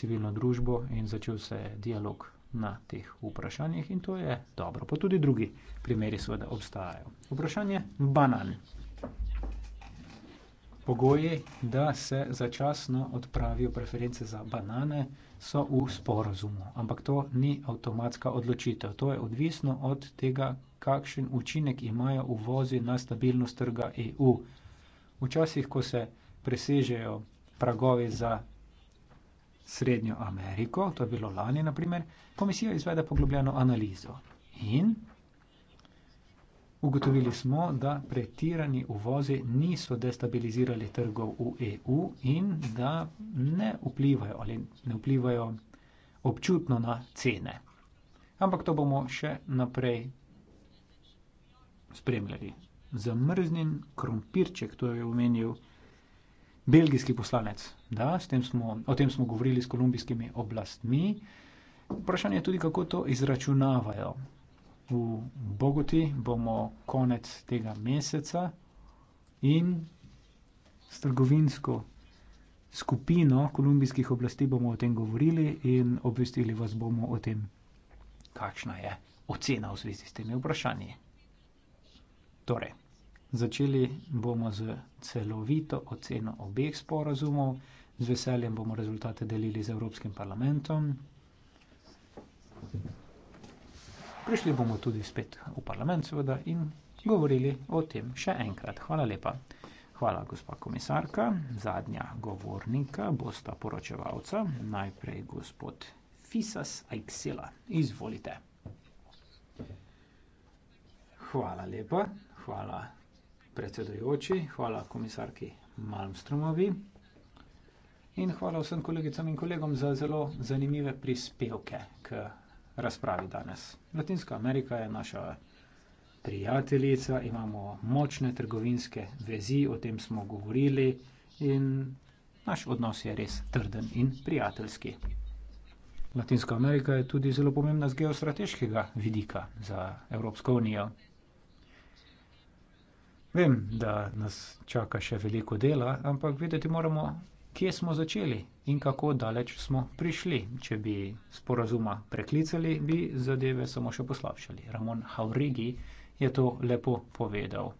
civilno družbo in začel se je dialog na teh vprašanjih in to je dobro. Pa tudi drugi primeri seveda obstajajo. Vprašanje banan. Pogoji, da se začasno odpravijo preference za banane, so v sporazumu. Ampak to ni avtomatska odločitev. To je odvisno od tega, kakšen učinek imajo uvozi na stabilnost trga EU. Včasih, ko se presežejo pragovi za Srednjo Ameriko, to je bilo lani, naprimer, komisija izvede poglobljeno analizo in ugotovili smo, da pretirani uvozi niso destabilizirali trgov v EU in da ne vplivajo ali ne vplivajo občutno na cene. Ampak to bomo še naprej spremljali. Zamrznjen krompirček, to je omenil belgijski poslanec. Da, smo, o tem smo govorili s kolumbijskimi oblastmi. Vprašanje je tudi, kako to izračunavajo. V Bogoti bomo konec tega meseca in s trgovinsko skupino kolumbijskih oblasti bomo o tem govorili in obvestili vas bomo o tem, kakšna je ocena v zvezi s temi vprašanji. Torej, Začeli bomo z celovito oceno obeh sporazumov, z veseljem bomo rezultate delili z Evropskim parlamentom. Prišli bomo tudi spet v parlament, seveda, in govorili o tem še enkrat. Hvala lepa. Hvala, gospa komisarka. Zadnja govornika bosta poročevalca. Najprej gospod Fisas Aixela. Izvolite. Hvala lepa. Hvala predsedujoči, hvala komisarki Malmstromovi in hvala vsem kolegicam in kolegom za zelo zanimive prispevke k razpravi danes. Latinska Amerika je naša prijateljica, imamo močne trgovinske vezi, o tem smo govorili in naš odnos je res trden in prijateljski. Latinska Amerika je tudi zelo pomembna z geostrateškega vidika za Evropsko unijo. Vem, da nas čaka še veliko dela, ampak vedeti moramo, kje smo začeli in kako daleč smo prišli. Če bi sporazuma preklicali, bi zadeve samo še poslabšali. Ramon Haurigi je to lepo povedal.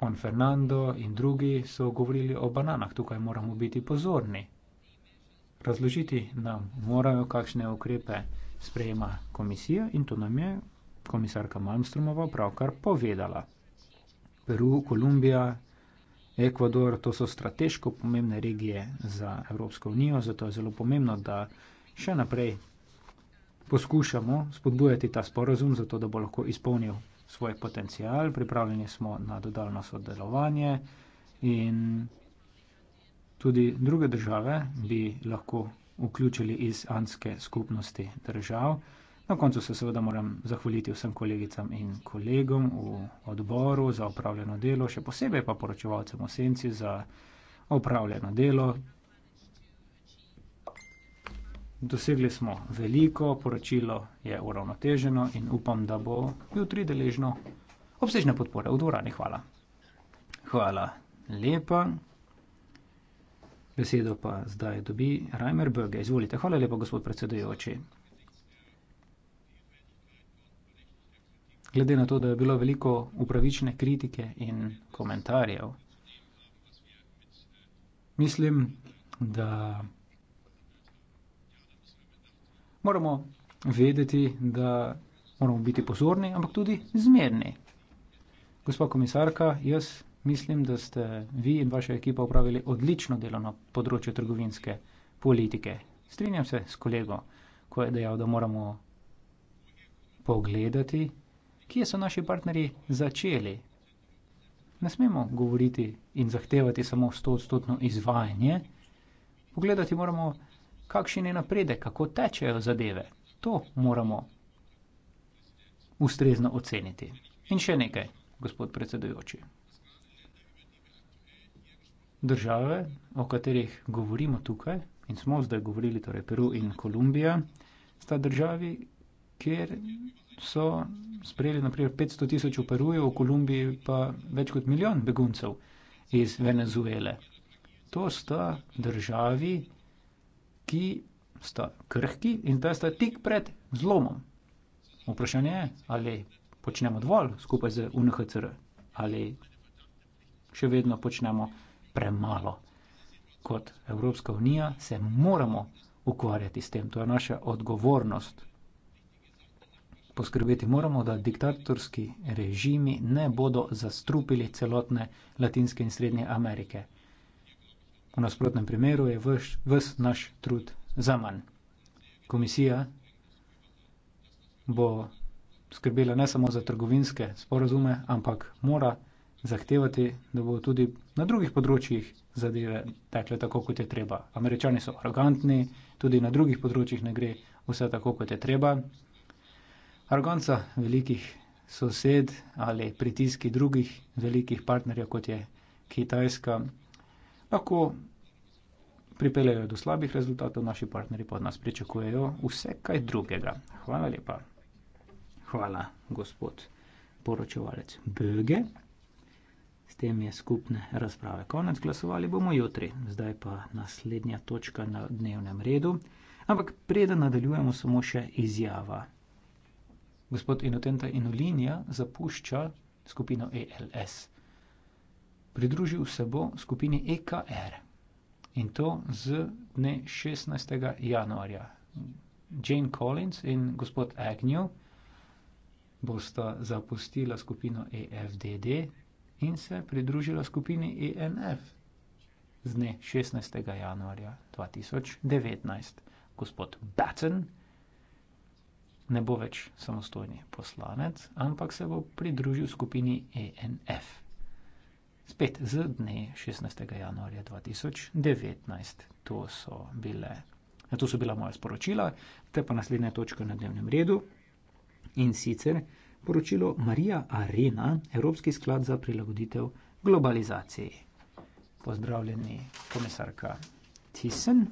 Juan Fernando in drugi so govorili o bananah, tukaj moramo biti pozorni. Razložiti nam morajo, kakšne ukrepe sprejema komisija in to nam je komisarka Malmstrumova pravkar povedala. Peru, Kolumbija, Ekvador, to so strateško pomembne regije za Evropsko unijo, zato je zelo pomembno, da še naprej poskušamo spodbujati ta sporazum, zato da bo lahko izpolnil svoj potencial. Pripravljeni smo na dodaljno sodelovanje in tudi druge države bi lahko vključili iz anske skupnosti držav. Na koncu se seveda moram zahvaliti vsem kolegicam in kolegom v odboru za upravljeno delo, še posebej pa poročevalcem v senci za upravljeno delo. Dosegli smo veliko, poročilo je uravnoteženo in upam, da bo jutri deležno obsežne podpore v dvorani. Hvala. Hvala lepa. Besedo pa zdaj dobi Reimer Böge. Izvolite. Hvala lepa, gospod predsedujoči. glede na to, da je bilo veliko upravičene kritike in komentarjev. Mislim, da moramo vedeti, da moramo biti pozorni, ampak tudi zmerni. Gospa komisarka, jaz mislim, da ste vi in vaša ekipa upravili odlično delo na področju trgovinske politike. Strinjam se s kolego, ko je dejal, da moramo pogledati kje so naši partnerji začeli. Ne smemo govoriti in zahtevati samo 100-odstotno izvajanje, pogledati moramo, kakšen je napredek, kako tečejo zadeve. To moramo ustrezno oceniti. In še nekaj, gospod predsedujoči. Države, o katerih govorimo tukaj, in smo zdaj govorili, torej Peru in Kolumbija, sta državi, kjer so sprejeli naprimer 500 tisoč v Peruju, v Kolumbiji pa več kot milijon beguncev iz Venezuele. To sta državi, ki sta krhki in da sta tik pred zlomom. Vprašanje je, ali počnemo dovolj skupaj z UNHCR ali še vedno počnemo premalo. Kot Evropska unija se moramo ukvarjati s tem, to je naša odgovornost. Poskrbeti moramo, da diktatorski režimi ne bodo zastrupili celotne Latinske in Srednje Amerike. V nasprotnem primeru je vs naš trud za manj. Komisija bo skrbela ne samo za trgovinske sporazume, ampak mora zahtevati, da bo tudi na drugih področjih zadeve tekle tako, kot je treba. Američani so arrogantni, tudi na drugih področjih ne gre vse tako, kot je treba. Arganca velikih sosed ali pritiski drugih velikih partnerjev, kot je Kitajska, lahko pripeljejo do slabih rezultatov, naši partnerji pa od nas pričakujejo vse kaj drugega. Hvala lepa. Hvala, gospod poročevalec Böge. S tem je skupne razprave konec, glasovali bomo jutri, zdaj pa naslednja točka na dnevnem redu. Ampak preden nadaljujemo, samo še izjava gospod Inotenta Inulinja zapušča skupino ALS. Pridružil se bo skupini EKR in to z dne 16. januarja. Jane Collins in gospod Agnew bosta zapustila skupino EFDD in se pridružila skupini ENF z dne 16. januarja 2019. Gospod Batten ne bo več samostojni poslanec, ampak se bo pridružil skupini ENF. Spet z dne 16. januarja 2019. To so, bile, to so bila moja sporočila, te pa naslednja točka na dnevnem redu. In sicer poročilo Marija Arena, Evropski sklad za prilagoditev globalizaciji. Pozdravljeni, komisarka Tissen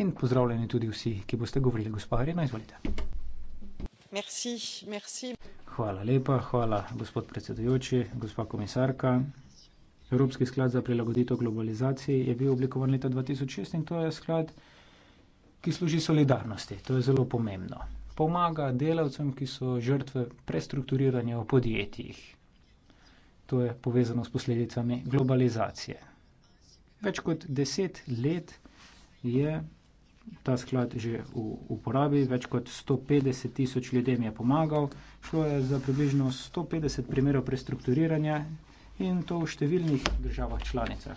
in pozdravljeni tudi vsi, ki boste govorili. Gospa Irena, izvolite. Hvala lepa, hvala, gospod predsedujoči, gospa komisarka. Evropski sklad za prilagoditev globalizaciji je bil oblikovan leta 2006 in to je sklad, ki služi solidarnosti. To je zelo pomembno. Pomaga delavcem, ki so žrtve prestrukturiranja v podjetjih. To je povezano s posledicami globalizacije. Več kot deset let je ta sklad že v uporabi, več kot 150 tisoč ljudem je pomagal. Šlo je za približno 150 primerov prestrukturiranja in to v številnih državah članicah.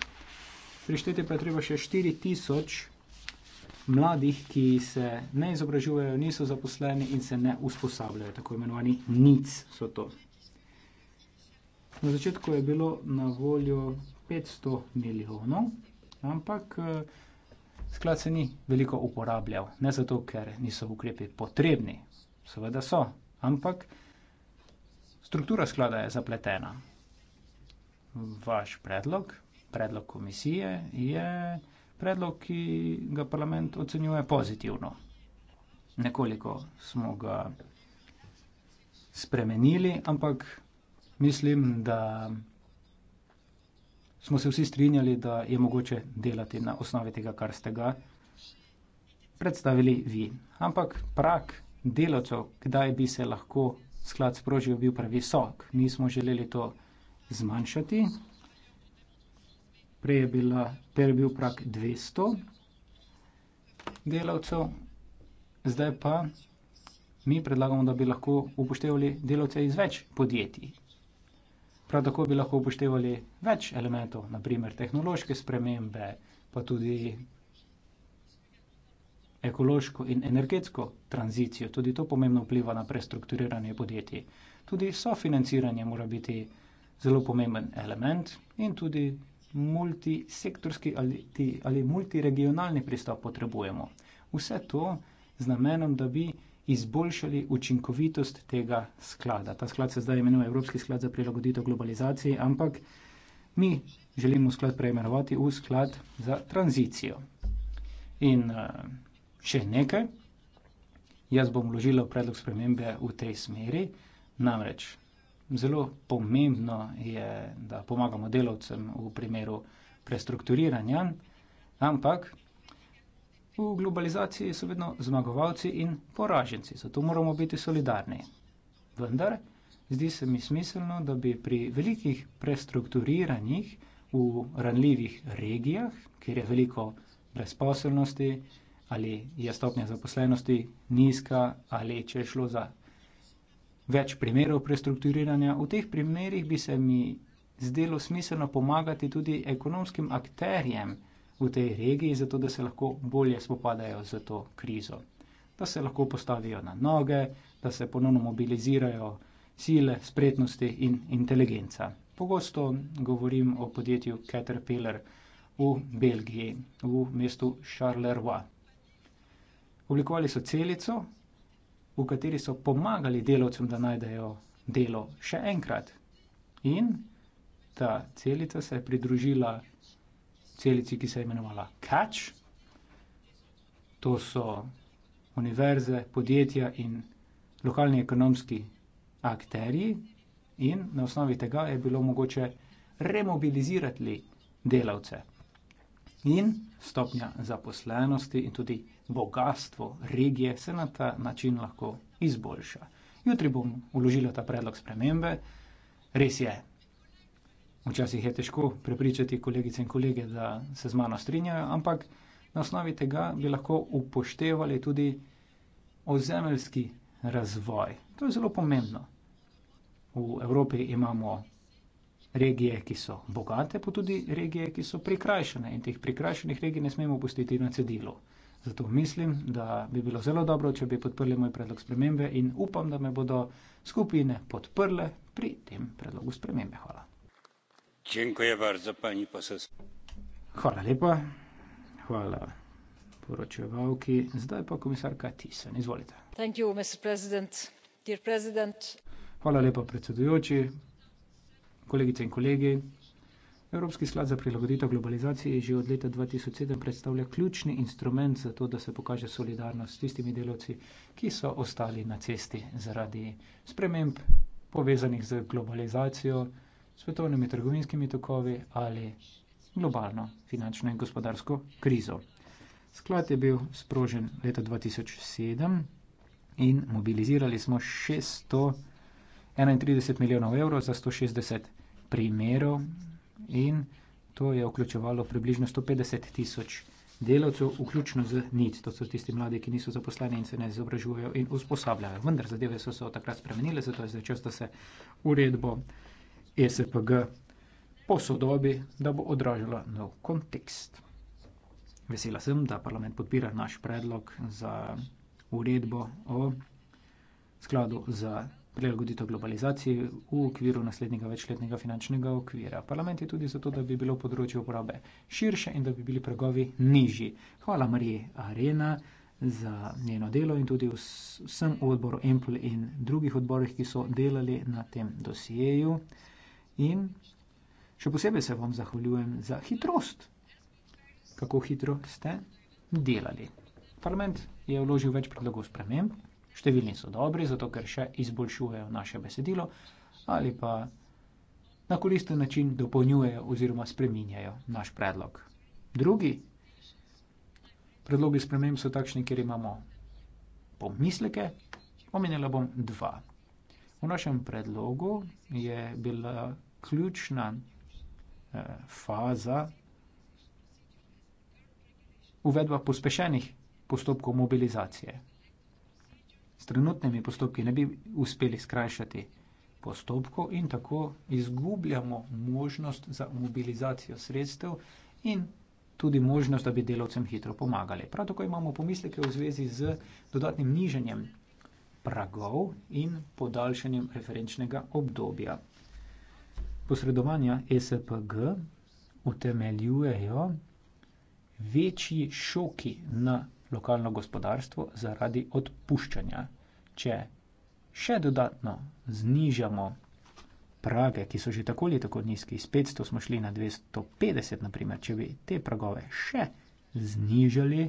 Prišteti pa je treba še 4 tisoč mladih, ki se ne izobražujejo, niso zaposleni in se ne usposabljajo, tako imenovani nic so to. Na začetku je bilo na voljo 500 milijonov, ampak eh, Sklad se ni veliko uporabljal, ne zato, ker niso ukrepi potrebni, seveda so, ampak struktura sklada je zapletena. Vaš predlog, predlog komisije, je predlog, ki ga parlament ocenjuje pozitivno. Nekoliko smo ga spremenili, ampak mislim, da smo se vsi strinjali, da je mogoče delati na osnovi tega, kar ste ga predstavili vi. Ampak prak delavcev, kdaj bi se lahko sklad sprožil, bil previsok. Mi smo želeli to zmanjšati. Prej je, bila, prej je bil prak 200 delavcev, zdaj pa mi predlagamo, da bi lahko upoštevali delavce iz več podjetij. Prav tako bi lahko upoštevali več elementov, naprimer tehnološke spremembe, pa tudi ekološko in energetsko tranzicijo. Tudi to pomembno vpliva na prestrukturiranje podjetij. Tudi sofinanciranje mora biti zelo pomemben element in tudi multisektorski ali, ali multiregionalni pristop potrebujemo. Vse to z namenom, da bi izboljšali učinkovitost tega sklada. Ta sklad se zdaj imenuje Evropski sklad za prilagoditev globalizaciji, ampak mi želimo sklad preimenovati v sklad za tranzicijo. In eh, še nekaj, jaz bom vložila predlog spremembe v tej smeri, namreč zelo pomembno je, da pomagamo delavcem v primeru prestrukturiranja, ampak V globalizaciji so vedno zmagovalci in poraženci, zato moramo biti solidarni. Vendar, zdi se mi smiselno, da bi pri velikih prestrukturiranjih v ranljivih regijah, kjer je veliko brezposelnosti ali je stopnja zaposlenosti nizka ali če je šlo za več primerov prestrukturiranja, v teh primerih bi se mi zdelo smiselno pomagati tudi ekonomskim akterjem, v tej regiji, zato da se lahko bolje spopadajo z to krizo, da se lahko postavijo na noge, da se ponovno mobilizirajo sile, spretnosti in inteligenca. Pogosto govorim o podjetju Caterpillar v Belgiji, v mestu Charleroi. Oblikovali so celico, v kateri so pomagali delavcem, da najdejo delo še enkrat. In ta celica se je pridružila celici, ki se je imenovala Catch. To so univerze, podjetja in lokalni ekonomski akterji, in na osnovi tega je bilo mogoče remobilizirati delavce. In stopnja zaposlenosti in tudi bogatstvo regije se na ta način lahko izboljša. Jutri bom uložila ta predlog spremembe. Res je, Včasih je težko prepričati kolegice in kolege, da se z mano strinjajo, ampak na osnovi tega bi lahko upoštevali tudi ozemeljski razvoj. To je zelo pomembno. V Evropi imamo regije, ki so bogate, pa tudi regije, ki so prikrajšene in teh prikrajšenih regij ne smemo pustiti na cedilu. Zato mislim, da bi bilo zelo dobro, če bi podprli moj predlog spremembe in upam, da me bodo skupine podprle pri tem predlogu spremembe. Hvala. Hvala lepa. Hvala poročevalki. Zdaj pa komisarka Thyssen, izvolite. Thank you, Mr. President. Dear President. Hvala lepa, predsedujoči. Kolegice in kolegi. Evropski sklad za prilagoditev globalizaciji že od leta 2007 predstavlja ključni instrument za to, da se pokaže solidarnost s tistimi delavci, ki so ostali na cesti zaradi sprememb povezanih z globalizacijo svetovnimi trgovinskimi tokovi ali globalno finančno in gospodarsko krizo. Sklad je bil sprožen leta 2007 in mobilizirali smo 631 milijonov evrov za 160 primerov in to je vključevalo približno 150 tisoč delavcev, vključno z NIT. To so tisti mladi, ki niso zaposleni in se ne izobražujejo in usposabljajo. Vendar zadeve so se od takrat spremenile, zato je zdaj čas, da se uredbo ESPG posodobi, da bo odražala nov kontekst. Vesela sem, da parlament podpira naš predlog za uredbo o skladu za prilagoditev globalizaciji v okviru naslednjega večletnega finančnega okvira. Parlament je tudi zato, da bi bilo področje uporabe širše in da bi bili pragovi nižji. Hvala Marije Arena za njeno delo in tudi vsem v odboru Empl in drugih odborih, ki so delali na tem dosijeju. In še posebej se vam zahvaljujem za hitrost, kako hitro ste delali. Parlament je vložil več predlogov sprememb, številni so dobri, zato ker še izboljšujejo naše besedilo ali pa na koristen način dopolnjujejo oziroma spreminjajo naš predlog. Drugi predlogi sprememb so takšni, kjer imamo pomisleke, omenila bom dva. V našem predlogu je bila ključna eh, faza uvedba pospešenih postopkov mobilizacije. S trenutnimi postopki ne bi uspeli skrajšati postopkov in tako izgubljamo možnost za mobilizacijo sredstev in tudi možnost, da bi delovcem hitro pomagali. Prav tako imamo pomisleke v zvezi z dodatnim niženjem pragov in podaljšanjem referenčnega obdobja posredovanja ESPG utemeljujejo večji šoki na lokalno gospodarstvo zaradi odpuščanja. Če še dodatno znižamo prage, ki so že tako ali tako nizki, iz 500 smo šli na 250, naprimer, če bi te pragove še znižali,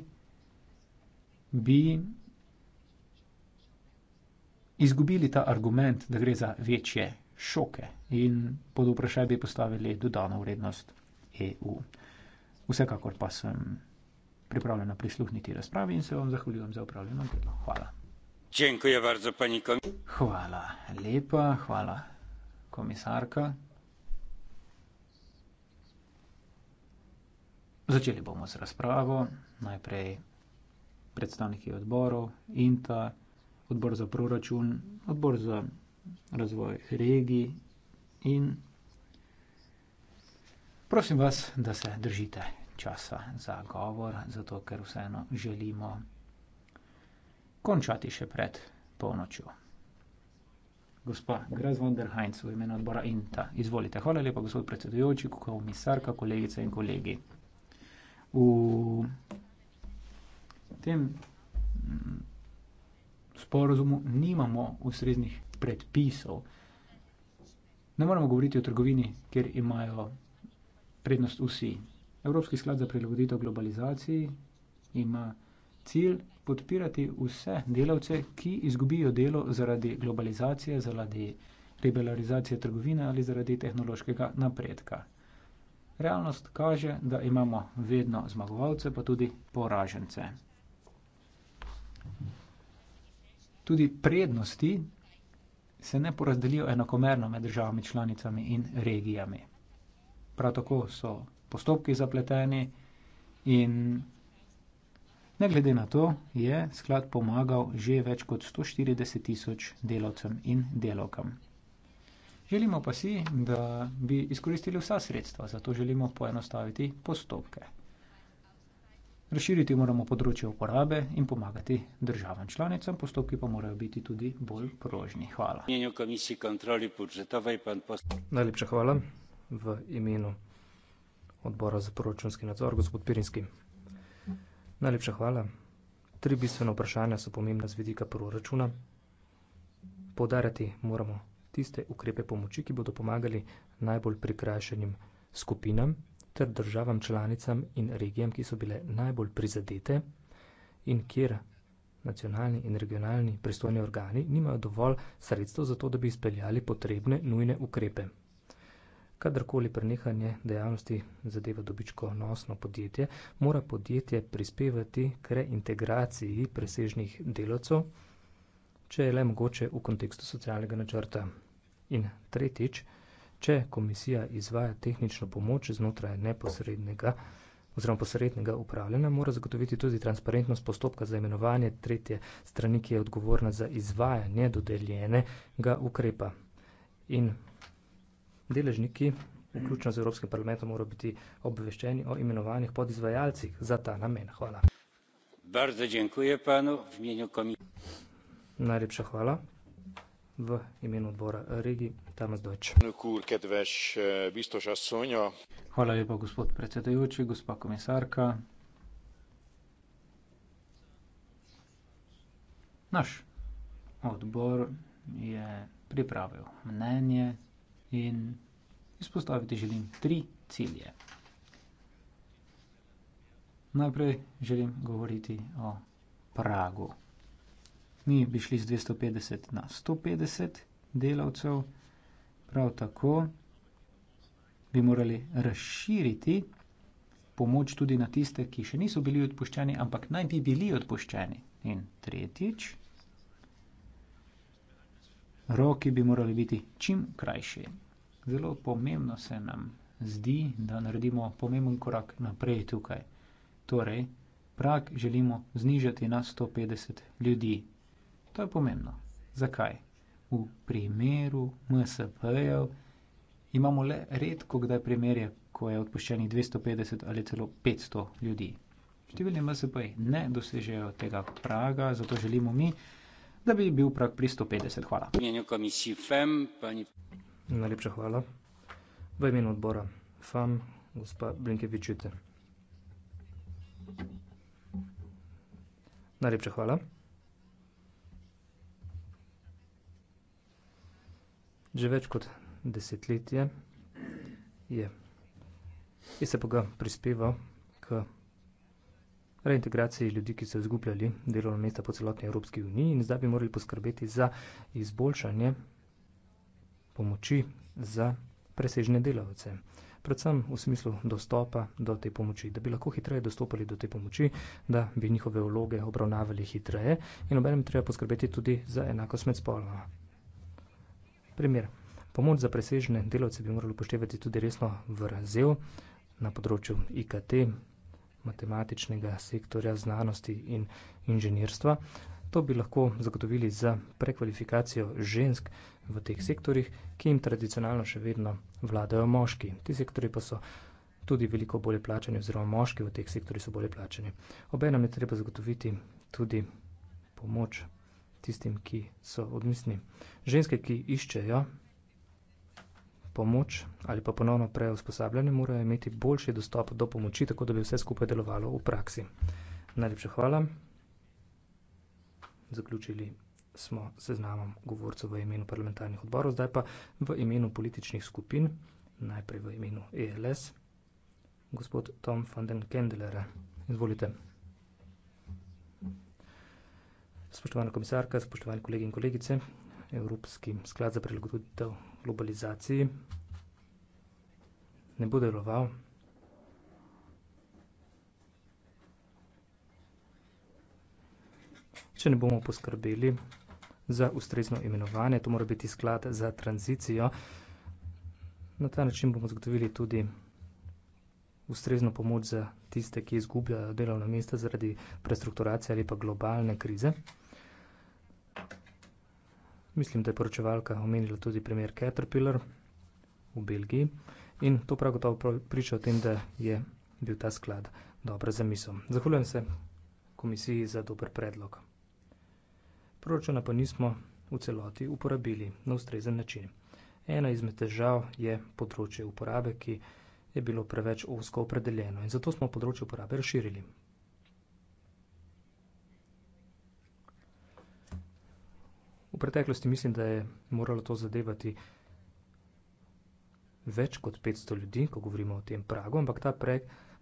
bi izgubili ta argument, da gre za večje šoke in pod vprašaj bi postavili dodano vrednost EU. Vsekakor pa sem pripravljena prisluhniti razpravi in se vam zahvaljujem za upravljeno delo. Hvala. Čenkuje bardzo, pani kom... Hvala lepa, hvala komisarka. Začeli bomo z razpravo. Najprej predstavniki odborov, INTA, odbor za proračun, odbor za razvoj regij in prosim vas, da se držite časa za govor, zato ker vseeno želimo končati še pred polnočjo. Gospa Graz von der Heinz v imenu odbora INTA. Izvolite. Hvala lepa, gospod predsedujoči, komisarka, kolegice in kolegi. V tem mm, sporozumu nimamo ustreznih predpisov. Ne moramo govoriti o trgovini, kjer imajo prednost vsi. Evropski sklad za prilagoditev globalizaciji ima cilj podpirati vse delavce, ki izgubijo delo zaradi globalizacije, zaradi liberalizacije trgovine ali zaradi tehnološkega napredka. Realnost kaže, da imamo vedno zmagovalce, pa tudi poražence. Tudi prednosti se ne porazdelijo enakomerno med državami članicami in regijami. Prav tako so postopki zapleteni in ne glede na to je sklad pomagal že več kot 140 tisoč delavcem in delavkam. Želimo pa si, da bi izkoristili vsa sredstva, zato želimo poenostaviti postopke. Razširiti moramo področje uporabe in pomagati državam članicam, postopki pa morajo biti tudi bolj prožni. Hvala. Najlepša hvala v imenu odbora za proračunski nadzor, gospod Pirinski. Najlepša hvala. Tri bistvene vprašanja so pomembna z vidika proračuna. Podarjati moramo tiste ukrepe pomoči, ki bodo pomagali najbolj prikrajšanim skupinam ter državam članicam in regijam, ki so bile najbolj prizadete in kjer nacionalni in regionalni pristojni organi nimajo dovolj sredstev za to, da bi izpeljali potrebne nujne ukrepe. Kadarkoli prenehanje dejavnosti zadeva dobičko nosno podjetje, mora podjetje prispevati k reintegraciji presežnih delavcev, če je le mogoče v kontekstu socialnega načrta. In tretjič, če komisija izvaja tehnično pomoč znotraj neposrednega oziroma posrednega upravljanja, mora zagotoviti tudi transparentnost postopka za imenovanje tretje strani, ki je odgovorna za izvajanje dodeljenega ukrepa. In deležniki, vključno z Evropskim parlamentom, morajo biti obveščeni o imenovanih podizvajalcih za ta namen. Hvala. Bardzo dziękuję panu w imieniu komisji. Najlepša hvala v imenu odbora regij. Eh, Hvala lepa, gospod predsedujoči, gospa komisarka. Naš odbor je pripravil mnenje in izpostaviti želim tri cilje. Najprej želim govoriti o pragu. Mi bi šli z dvesto petdeset na sto petdeset delavcev. Prav tako bi morali razširiti pomoč tudi na tiste, ki še niso bili odpuščeni, ampak naj bi bili odpuščeni. In tretjič, roki bi morali biti čim krajši. Zelo pomembno se nam zdi, da naredimo pomemben korak naprej tukaj. Torej, prak želimo znižati na 150 ljudi. To je pomembno. Zakaj? v primeru MSP-jev imamo le redko, kdaj primerje, ko je odpuščeni 250 ali celo 500 ljudi. Številni MSP-ji ne dosežejo tega praga, zato želimo mi, da bi bil prag pri 150. Hvala. E Najlepša hvala. V imenu odbora FAM, gospa Blinkevičite. Najlepša hvala. že več kot desetletje je in e se pa ga prispeva k reintegraciji ljudi, ki so izgubljali delovno mesta po celotni Evropski uniji in zdaj bi morali poskrbeti za izboljšanje pomoči za presežne delavce. Predvsem v smislu dostopa do te pomoči, da bi lahko hitreje dostopali do te pomoči, da bi njihove vloge obravnavali hitreje in obenem treba poskrbeti tudi za enakost med spoloma. Primer. Pomoč za presežene delavce bi morali upoštevati tudi resno vrzel na področju IKT, matematičnega sektorja znanosti in inženirstva. To bi lahko zagotovili za prekvalifikacijo žensk v teh sektorjih, ki jim tradicionalno še vedno vladajo moški. Ti sektori pa so tudi veliko bolje plačani oziroma moški v teh sektorjih so bolje plačani. Obenem je treba zagotoviti tudi pomoč tistim, ki so odmisni. Ženske, ki iščejo pomoč ali pa ponovno preusposabljanje, morajo imeti boljši dostop do pomoči, tako da bi vse skupaj delovalo v praksi. Najlepša hvala. Zaključili smo seznamom govorcev v imenu parlamentarnih odborov, zdaj pa v imenu političnih skupin, najprej v imenu ELS, gospod Tom van den Kendelere. Izvolite. Spoštovana komisarka, spoštovani kolegi in kolegice, Evropski sklad za prilagoditev globalizaciji ne bo deloval. Če ne bomo poskrbeli za ustrezno imenovanje, to mora biti sklad za tranzicijo. Na ta način bomo zagotovili tudi ustrezno pomoč za tiste, ki izgubljajo delovna mesta zaradi prestrukturacije ali pa globalne krize. Mislim, da je poročevalka omenila tudi primer Caterpillar v Belgiji in to prav gotovo priča o tem, da je bil ta sklad dobra za misel. Zahvaljujem se komisiji za dober predlog. Proračuna pa nismo v celoti uporabili na ustrezen način. Ena izmed težav je področje uporabe, ki je bilo preveč osko opredeljeno in zato smo področje uporabe razširili. V preteklosti mislim, da je moralo to zadevati več kot 500 ljudi, ko govorimo o tem pragu, ampak ta pre,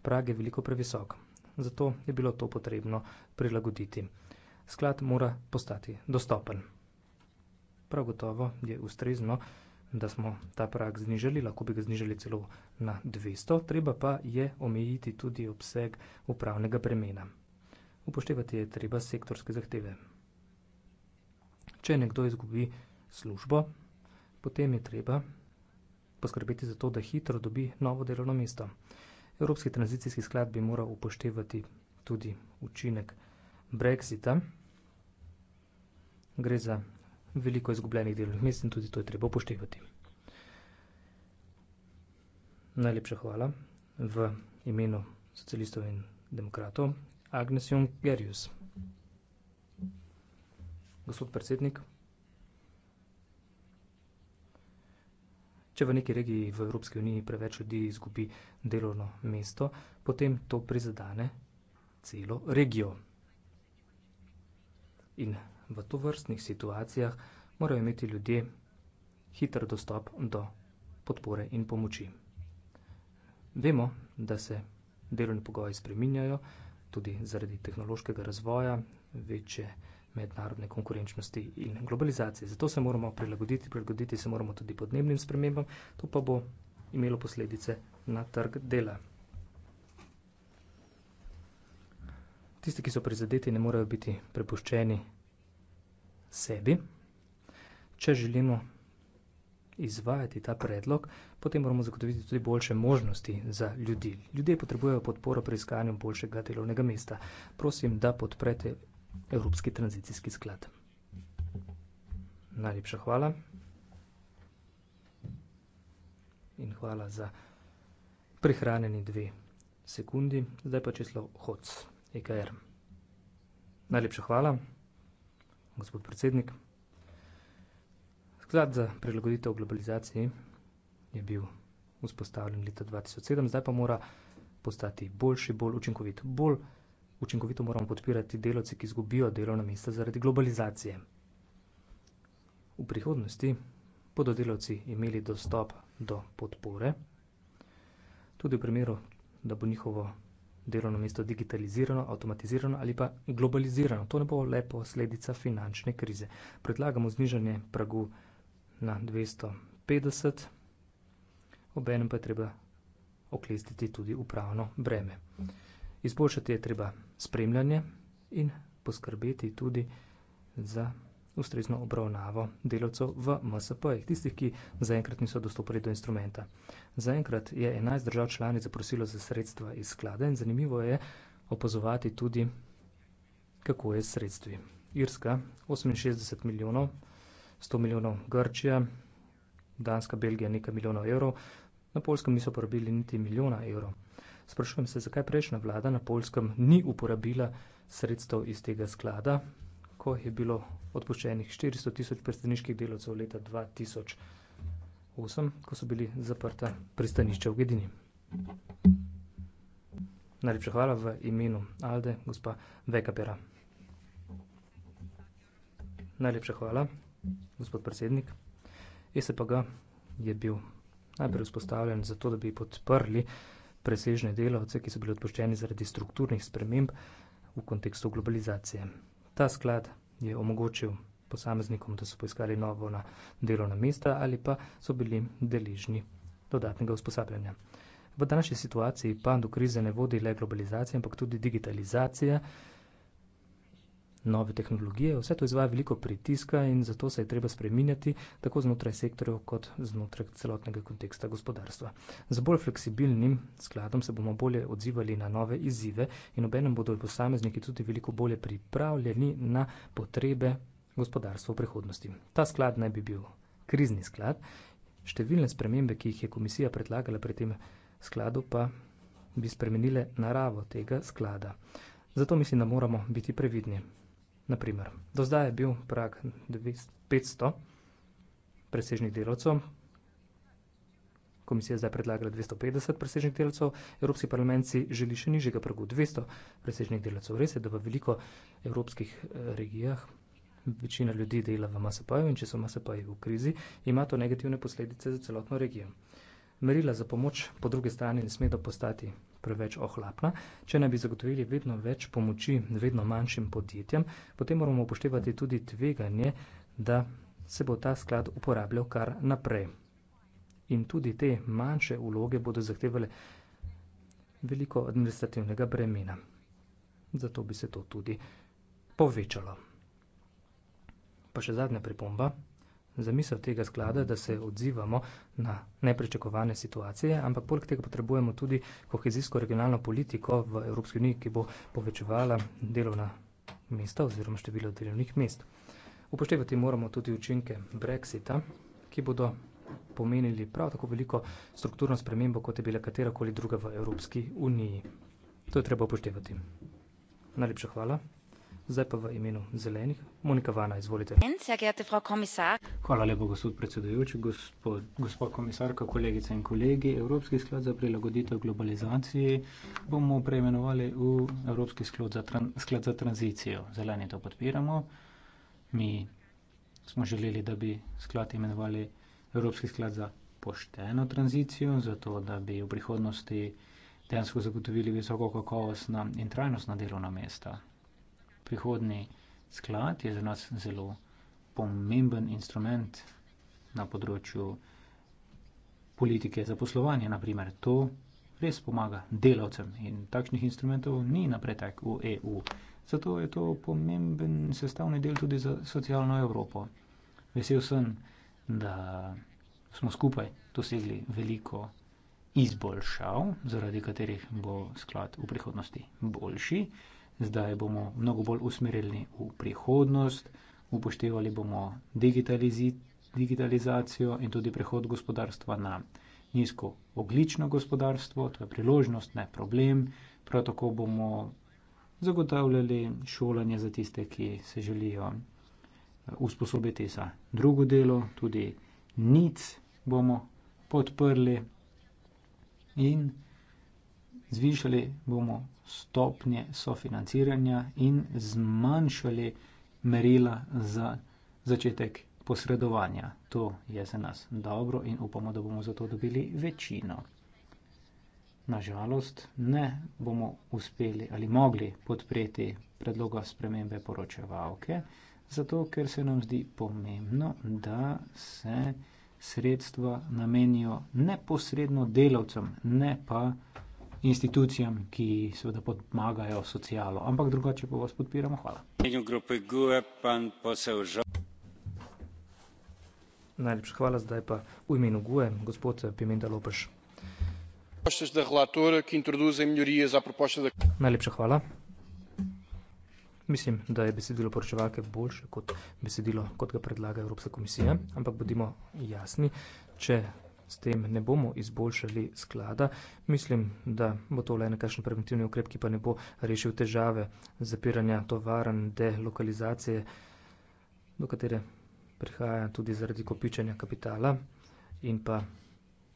prag je veliko previsok. Zato je bilo to potrebno prilagoditi. Sklad mora postati dostopen. Prav gotovo je ustrezno, da smo ta prag znižali, lahko bi ga znižali celo na 200, treba pa je omejiti tudi obseg upravnega bremena. Upoštevati je treba sektorske zahteve. Če nekdo izgubi službo, potem je treba poskrbeti za to, da hitro dobi novo delovno mesto. Evropski tranzicijski sklad bi moral upoštevati tudi učinek Brexita. Gre za veliko izgubljenih delovnih mest in tudi to je treba upoštevati. Najlepša hvala v imenu socialistov in demokratov. Agnes Jung Gerius gospod predsednik. Če v neki regiji v Evropski uniji preveč ljudi izgubi delovno mesto, potem to prizadane celo regijo. In v to vrstnih situacijah morajo imeti ljudje hiter dostop do podpore in pomoči. Vemo, da se delovni pogoji spreminjajo tudi zaradi tehnološkega razvoja, večje mednarodne konkurenčnosti in globalizacije. Zato se moramo prilagoditi, prilagoditi se moramo tudi podnebnim spremembam, to pa bo imelo posledice na trg dela. Tisti, ki so prizadeti, ne morejo biti prepuščeni sebi. Če želimo izvajati ta predlog, potem moramo zagotoviti tudi boljše možnosti za ljudi. Ljudje potrebujejo podporo pri iskanju boljšega delovnega mesta. Prosim, da podprete Evropski tranzicijski sklad. Najlepša hvala. In hvala za prihranjeni dve sekundi. Zdaj pa čislo HOC, EKR. Najlepša hvala, gospod predsednik. Sklad za prilagoditev globalizaciji je bil vzpostavljen leta 2007, zdaj pa mora postati boljši, bolj učinkovit, bolj učinkovit učinkovito moramo podpirati delavce, ki izgubijo delovna mesta zaradi globalizacije. V prihodnosti bodo delavci imeli dostop do podpore, tudi v primeru, da bo njihovo delovno mesto digitalizirano, avtomatizirano ali pa globalizirano. To ne bo le posledica finančne krize. Predlagamo znižanje pragu na 250, ob enem pa je treba oklestiti tudi upravno breme. Hm. Izboljšati je treba spremljanje in poskrbeti tudi za ustrezno obravnavo delavcev v MSP-jih, tistih, ki zaenkrat niso dostopali do instrumenta. Zaenkrat je 11 držav članic zaprosilo za sredstva iz sklada in zanimivo je opazovati tudi, kako je s sredstvi. Irska 68 milijonov, 100 milijonov Grčija, Danska, Belgija nekaj milijonov evrov, na Polskem niso porabili niti milijona evrov. Sprašujem se, zakaj prejšnja vlada na Polskem ni uporabila sredstev iz tega sklada, ko je bilo odpuščenih 400 tisoč pristaniških delovcev leta 2008, ko so bili zaprta pristanišča v Gedini. Najlepša hvala v imenu Alde, gospa Vekapera. Najlepša hvala, gospod predsednik. ESPG je bil najprej vzpostavljen zato, da bi podprli presežne delavce, ki so bili odpoščeni zaradi strukturnih sprememb v kontekstu globalizacije. Ta sklad je omogočil posameznikom, da so poiskali novo na delovna mesta ali pa so bili deležni dodatnega usposabljanja. V današnji situaciji pa do krize ne vodi le globalizacija, ampak tudi digitalizacija, nove tehnologije, vse to izvaja veliko pritiska in zato se je treba spreminjati tako znotraj sektorjev kot znotraj celotnega konteksta gospodarstva. Z bolj fleksibilnim skladom se bomo bolje odzivali na nove izzive in obenem bodo posamezniki tudi veliko bolje pripravljeni na potrebe gospodarstva v prihodnosti. Ta sklad naj bi bil krizni sklad, številne spremembe, ki jih je komisija predlagala pri tem skladu, pa bi spremenile naravo tega sklada. Zato mislim, da moramo biti previdni. Naprimer, do zdaj je bil prag 500 presežnih delavcev, komisija zdaj predlagala 250 presežnih delavcev, Evropski parlament si želi še nižjega pragu 200 presežnih delavcev. Res je, da v veliko evropskih eh, regijah večina ljudi dela v MSP-ju in če so MSP-ji v krizi, ima to negativne posledice za celotno regijo. Merila za pomoč po druge strani ne smedo postati preveč ohlapna. Če ne bi zagotovili vedno več pomoči vedno manjšim podjetjem, potem moramo upoštevati tudi tveganje, da se bo ta sklad uporabljal kar naprej. In tudi te manjše vloge bodo zahtevale veliko administrativnega bremena. Zato bi se to tudi povečalo. Pa še zadnja pripomba. Zamisel tega sklada, da se odzivamo na nepričakovane situacije, ampak poleg tega potrebujemo tudi kohezijsko regionalno politiko v Evropski uniji, ki bo povečevala delovna mesta oziroma število delovnih mest. Upoštevati moramo tudi učinke Brexita, ki bodo pomenili prav tako veliko strukturno spremembo, kot je bila katerakoli druga v Evropski uniji. To je treba upoštevati. Najlepša hvala. Zdaj pa v imenu zelenih. Monika Vana, izvolite. Hvala lepo, gospod predsedujoči, gospod, gospod komisarka, kolegice in kolegi. Evropski sklad za prilagoditev globalizaciji bomo preimenovali v Evropski sklad za, tran, sklad za tranzicijo. Zeleni to podpiramo. Mi smo želeli, da bi sklad imenovali Evropski sklad za pošteno tranzicijo, zato da bi v prihodnosti dejansko zagotovili visoko kakovostna in trajnostna delovna mesta prihodni sklad je za nas zelo pomemben instrument na področju politike za poslovanje, naprimer to res pomaga delavcem in takšnih instrumentov ni napretek v EU. Zato je to pomemben sestavni del tudi za socialno Evropo. Vesel sem, da smo skupaj dosegli veliko izboljšav, zaradi katerih bo sklad v prihodnosti boljši zdaj bomo mnogo bolj usmerjeni v prihodnost, upoštevali bomo digitalizacijo in tudi prehod gospodarstva na nizko oglično gospodarstvo, to je priložnost, ne problem. Prav tako bomo zagotavljali šolanje za tiste, ki se želijo eh, usposobiti za drugo delo, tudi nic bomo podprli in Zvišali bomo stopnje sofinanciranja in zmanjšali merila za začetek posredovanja. To je za nas dobro in upamo, da bomo za to dobili večino. Nažalost, ne bomo uspeli ali mogli podpreti predloga spremembe poročevalke, zato ker se nam zdi pomembno, da se sredstva namenijo neposredno delavcem, ne pa institucijam, ki seveda podmagajo socialo. Ampak drugače pa vas podpiramo. Hvala. Najlepša hvala, zdaj pa v imenu GUE, gospod Pimenta Lopeš. Najlepša hvala. Mislim, da je besedilo poročevalke boljše kot besedilo, kot ga predlaga Evropska komisija, ampak bodimo jasni, če s tem ne bomo izboljšali sklada. Mislim, da bo to le nekakšen preventivni ukrep, ki pa ne bo rešil težave zapiranja tovaren, delokalizacije, do katere prihaja tudi zaradi kopičenja kapitala in pa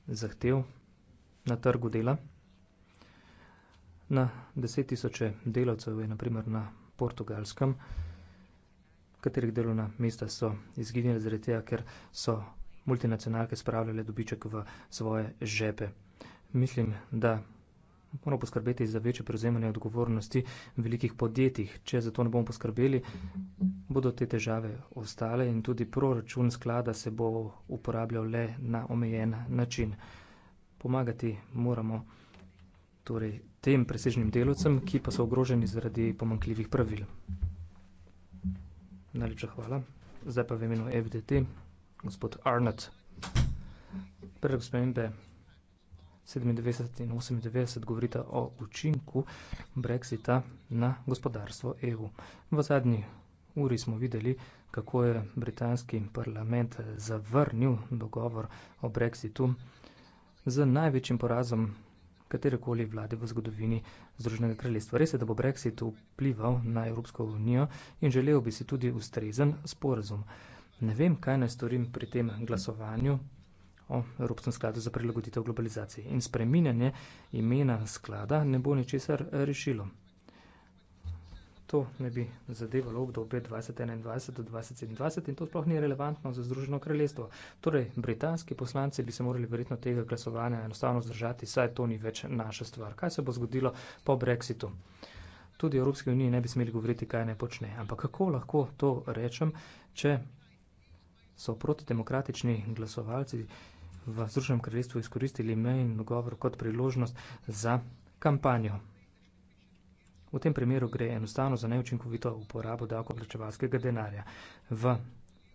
zahtev na trgu dela. Na deset tisoče delavcev je naprimer na portugalskem, katerih delovna mesta so izginjali zaradi tega, ker so multinacionalke spravljale dobiček v svoje žepe. Mislim, da moramo poskrbeti za večje prevzemanje odgovornosti v velikih podjetjih. Če za to ne bomo poskrbeli, bodo te težave ostale in tudi proračun sklada se bo uporabljal le na omejen način. Pomagati moramo torej, tem presežnim delovcem, ki pa so ogroženi zaradi pomankljivih pravil. Najlepša hvala. Zdaj pa v imenu FDT gospod Arnott. Prve spremembe 97 in 98 govorita o učinku Brexita na gospodarstvo EU. V zadnji uri smo videli, kako je britanski parlament zavrnil dogovor o Brexitu z največjim porazom katerekoli vlade v zgodovini Združenega kraljestva. Res je, da bo Brexit vplival na Evropsko unijo in želel bi si tudi ustrezen sporazum ne vem, kaj naj storim pri tem glasovanju o Evropskem skladu za prilagoditev globalizaciji. In spreminjanje imena sklada ne bo ničesar rešilo. To ne bi zadevalo obdobje 2021 do 2027 in to sploh ni relevantno za Združeno kraljestvo. Torej, britanski poslanci bi se morali verjetno tega glasovanja enostavno zdržati, saj to ni več naša stvar. Kaj se bo zgodilo po Brexitu? Tudi Evropske unije ne bi smeli govoriti, kaj ne počne. Ampak kako lahko to rečem, če so protidemokratični glasovalci v Združenem kraljestvu izkoristili mejni dogovor kot priložnost za kampanjo. V tem primeru gre enostavno za neučinkovito uporabo davkoplačevalskega denarja. V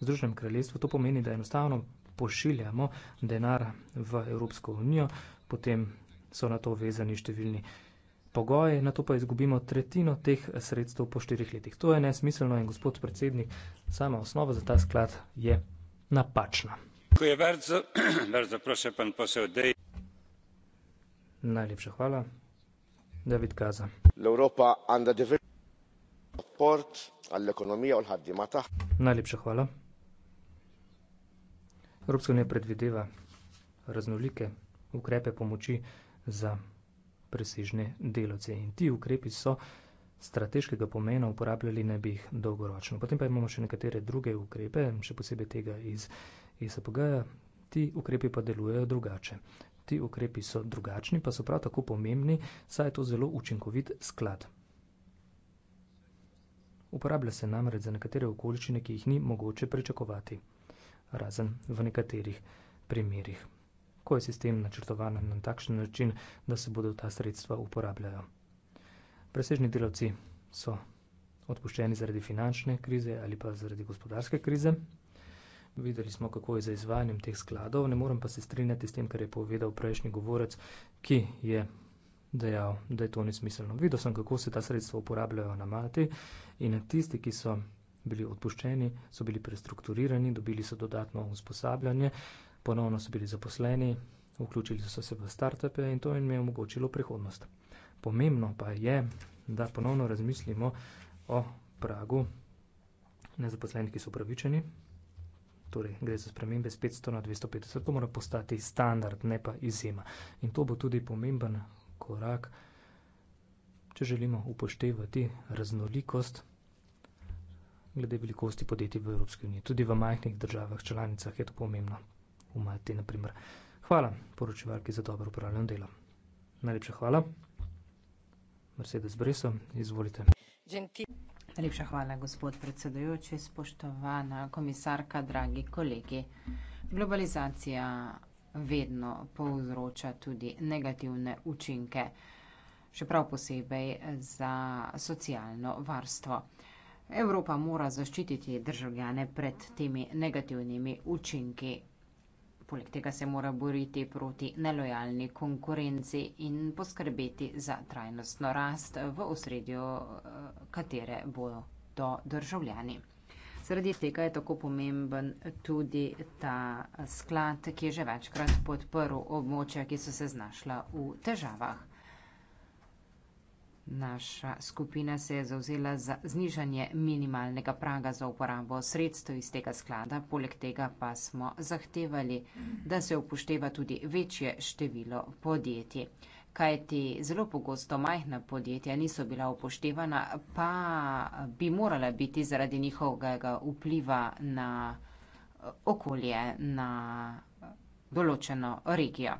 Združenem kraljestvu to pomeni, da enostavno pošiljamo denar v Evropsko unijo, potem so na to vezani številni pogoje, na to pa izgubimo tretjino teh sredstev po štirih letih. To je nesmiselno in gospod predsednik, sama osnova za ta sklad je napačna. Najlepša hvala. David Gaza. Najlepša hvala. Evropska unija predvideva raznolike ukrepe pomoči za presežne delavce. In ti ukrepi so strateškega pomena, uporabljali ne bi jih dolgoročno. Potem pa imamo še nekatere druge ukrepe, še posebej tega iz ESPG-ja, ti ukrepi pa delujejo drugače. Ti ukrepi so drugačni, pa so prav tako pomembni, saj je to zelo učinkovit sklad. Uporablja se namreč za nekatere okoličine, ki jih ni mogoče pričakovati, razen v nekaterih primerih kako je sistem načrtovan na takšen način, da se bodo ta sredstva uporabljala. Presežni delavci so odpuščeni zaradi finančne krize ali pa zaradi gospodarske krize. Videli smo, kako je za izvajanjem teh skladov, ne morem pa se strinjati s tem, kar je povedal prejšnji govorec, ki je dejal, da je to nesmiselno. Videl sem, kako se ta sredstva uporabljajo na Malti in tisti, ki so bili odpuščeni, so bili prestrukturirani, dobili so dodatno usposabljanje, ponovno so bili zaposleni, vključili so se v startupe in to jim je omogočilo prihodnost. Pomembno pa je, da ponovno razmislimo o pragu nezaposlenih, ki so upravičeni. Torej, gre za spremembe z 500 na 250, to mora postati standard, ne pa izjema. In to bo tudi pomemben korak, če želimo upoštevati raznolikost glede velikosti podjetij v Evropski uniji. Tudi v majhnih državah članicah je to pomembno v Malti, na primer. Hvala poročevalki za dobro upravljeno delo. Najlepša hvala. Mercedes Breso, izvolite. Gentil. Najlepša hvala, gospod predsedujoči, spoštovana komisarka, dragi kolegi. Globalizacija vedno povzroča tudi negativne učinke, še prav posebej za socialno varstvo. Evropa mora zaščititi državljane pred temi negativnimi učinki Poleg tega se mora boriti proti nelojalni konkurenci in poskrbeti za trajnostno rast v osredju, eh, katere bodo to državljani. Zaradi tega je tako pomemben tudi ta sklad, ki je že večkrat podprl območja, ki so se znašla v težavah. Naša skupina se je zauzela za znižanje minimalnega praga za uporabo sredstev iz tega sklada, poleg tega pa smo zahtevali, da se upošteva tudi večje število podjetij. Kaj ti zelo pogosto majhna podjetja niso bila upoštevana, pa bi morala biti zaradi njihovega vpliva na okolje, na določeno regijo.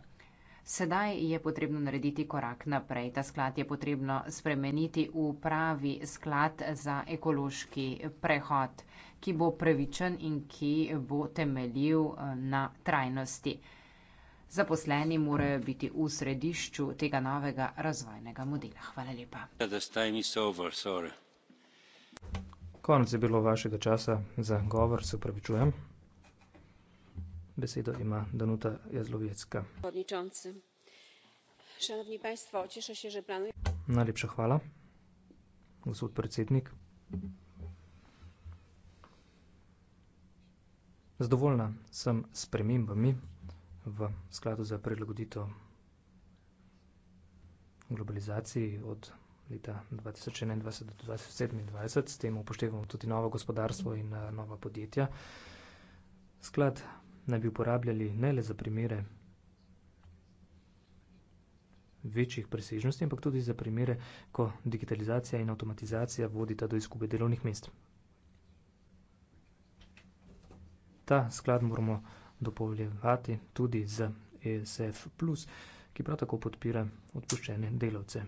Sedaj je potrebno narediti korak naprej. Ta sklad je potrebno spremeniti v pravi sklad za ekološki prehod, ki bo pravičen in ki bo temeljil eh, na trajnosti. Zaposleni morajo biti v središču tega novega razvojnega modela. Hvala lepa. Konec je bilo vašega časa za govor, se upravičujem besedo ima danuta jazlowiecka przewodniczący szanowni państwo cieszę się że planuje najlepsza chwała gospod predsednik zadovoljna sem s spremembami v skladu za prilagoditev globalizaciji od leta dva tisoč enaindvajset do dva tisoč sedemindvajset s tem upoštevamo tudi novo gospodarstvo in eh, nova podjetja sklad naj bi uporabljali ne le za primere večjih presežnosti, ampak tudi za primere, ko digitalizacija in avtomatizacija vodita do izgube delovnih mest. Ta sklad moramo dopolnjevati tudi z ESF, ki prav tako podpira odpuščene delavce.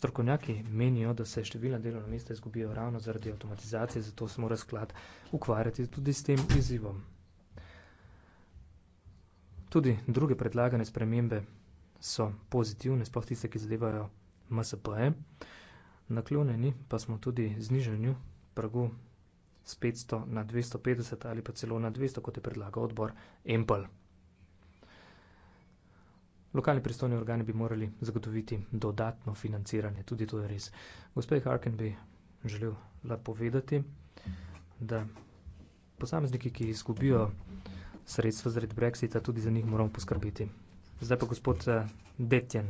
Strokovnjaki menijo, da se številna delovna mesta izgubijo ravno zaradi avtomatizacije, zato se mora sklad ukvarjati tudi s tem izzivom. Tudi druge predlagane spremembe so pozitivne, sploh tiste, ki zadevajo MSP-je. Naklonjeni pa smo tudi znižanju pragu z 500 na 250 ali pa celo na 200, kot je predlagal odbor EMPL. Lokalni pristojni organi bi morali zagotoviti dodatno financiranje, tudi to je res. Gospe Harkin bi želel lepo povedati, da posamezniki, ki izgubijo sredstva zaradi brexita, tudi za njih moramo poskrbeti. Zdaj pa gospod eh, Detjen.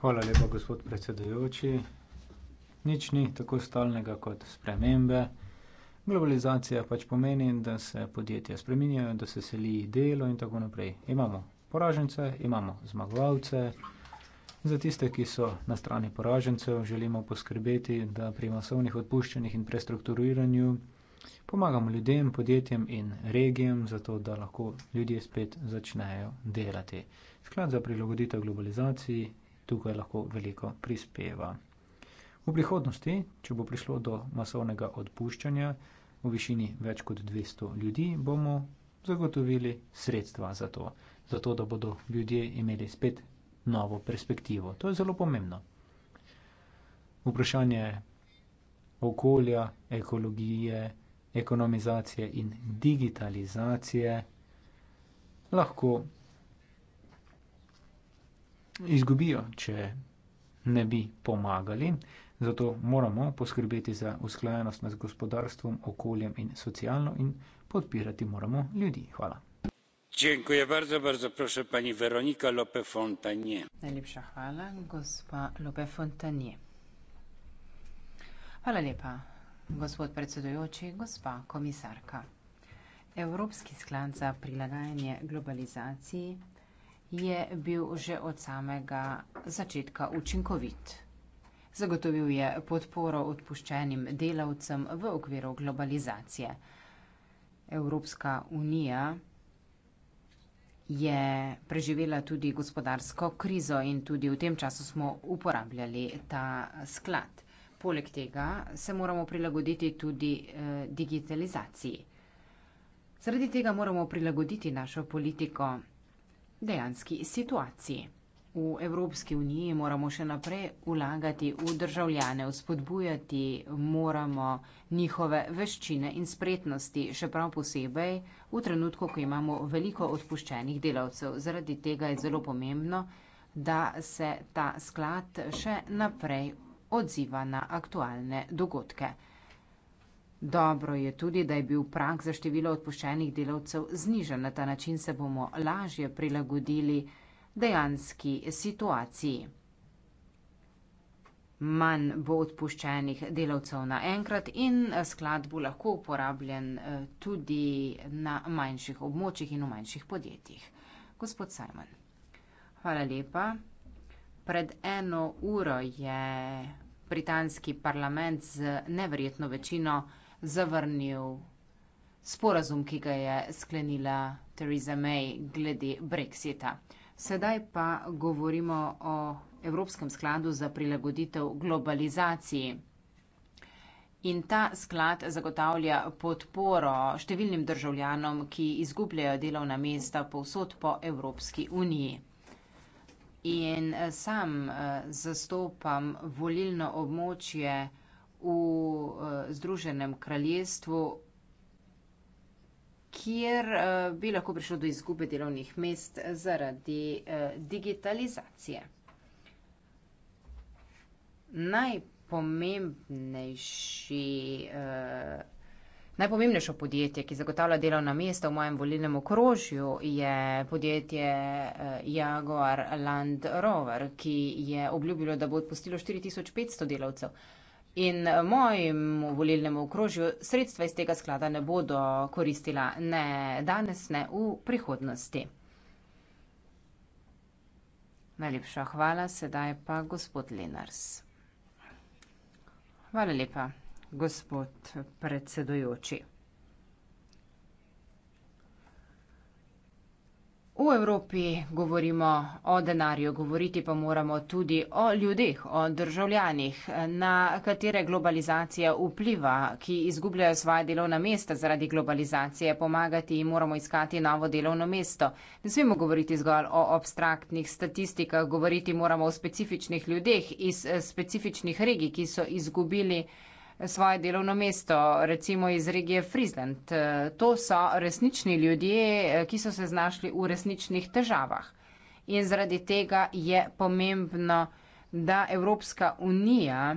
Hvala lepa, gospod predsedujoči. Nič ni tako stalnega kot spremembe. Globalizacija pač pomeni, da se podjetja spreminjajo, da se seli delo in tako naprej. Imamo poražence, imamo zmagovalce. Za tiste, ki so na strani poražencev, želimo poskrbeti, da pri masovnih odpuščanjih in prestrukturiranju Pomagamo ljudem, podjetjem in regijam, zato da lahko ljudje spet začnejo delati. Sklad za prilagoditev globalizaciji tukaj lahko veliko prispeva. V prihodnosti, če bo prišlo do masovnega odpuščanja v višini več kot 200 ljudi, bomo zagotovili sredstva za to, zato da bodo ljudje imeli spet novo perspektivo. To je zelo pomembno. Vprašanje okolja, ekologije, ekonomizacije in digitalizacije lahko izgubijo, če ne bi pomagali. Zato moramo poskrbeti za usklajenost med gospodarstvom, okoljem in socialno in podpirati moramo ljudi. Hvala. Dziękuję bardzo, bardzo proszę pani Weronika Lope-Fontanie. Najlepsza hala, gospa Lope-Fontanie. Hvala lepa. Gospa Lope Gospod predsedujoči, gospa komisarka. Evropski sklad za prilagajanje globalizaciji je bil že od samega začetka učinkovit. Zagotovil je podporo odpuščenim delavcem v okviru globalizacije. Evropska unija je preživela tudi gospodarsko krizo in tudi v tem času smo uporabljali ta sklad poleg tega se moramo prilagoditi tudi eh, digitalizaciji. Zaradi tega moramo prilagoditi našo politiko dejanski situaciji. V Evropski uniji moramo še naprej vlagati v državljane, vzpodbujati moramo njihove veščine in spretnosti, še prav posebej v trenutku, ko imamo veliko odpuščenih delavcev. Zaradi tega je zelo pomembno, da se ta sklad še naprej odziva na aktualne dogodke. Dobro je tudi, da je bil prak za število odpuščenih delavcev znižen. Na ta način se bomo lažje prilagodili dejanski situaciji. Manj bo odpuščenih delavcev naenkrat in sklad bo lahko uporabljen eh, tudi na manjših območjih in v manjših podjetjih. Gospod Simon. Hvala lepa. Pred eno uro je britanski parlament z neverjetno večino zavrnil sporazum, ki ga je sklenila Theresa May glede Brexita. Sedaj pa govorimo o Evropskem skladu za prilagoditev globalizaciji. In ta sklad zagotavlja podporo številnim državljanom, ki izgubljajo delovna mesta povsod po Evropski uniji in eh, sam eh, zastopam volilno območje v eh, Združenem kraljestvu, kjer bi lahko prišlo do izgube delovnih mest zaradi digitalizacije. Najpomembnejši Najpomembnejše podjetje, ki zagotavlja delovna mesta v mojem volilnem okrožju, je podjetje eh, Jaguar Land Rover, ki je obljubilo, da bo odpustilo 4500 delavcev. In eh, mojemu volilnemu okrožju sredstva iz tega sklada ne bodo koristila ne danes, ne v prihodnosti. Najlepša hvala, sedaj pa gospod Lenars. Hvala lepa gospod predsedujoči. V Evropi govorimo o denarju, govoriti pa moramo tudi o ljudeh, o državljanih, na katere globalizacija vpliva, ki izgubljajo svoje delovna mesta zaradi globalizacije, pomagati jim moramo iskati novo delovno mesto. Ne smemo govoriti zgolj o abstraktnih statistikah, govoriti moramo o specifičnih ljudeh iz eh, specifičnih regij, ki so izgubili svoje delovno mesto, recimo iz regije Friesland. To so resnični ljudje, ki so se znašli v resničnih težavah. In zaradi tega je pomembno, da Evropska unija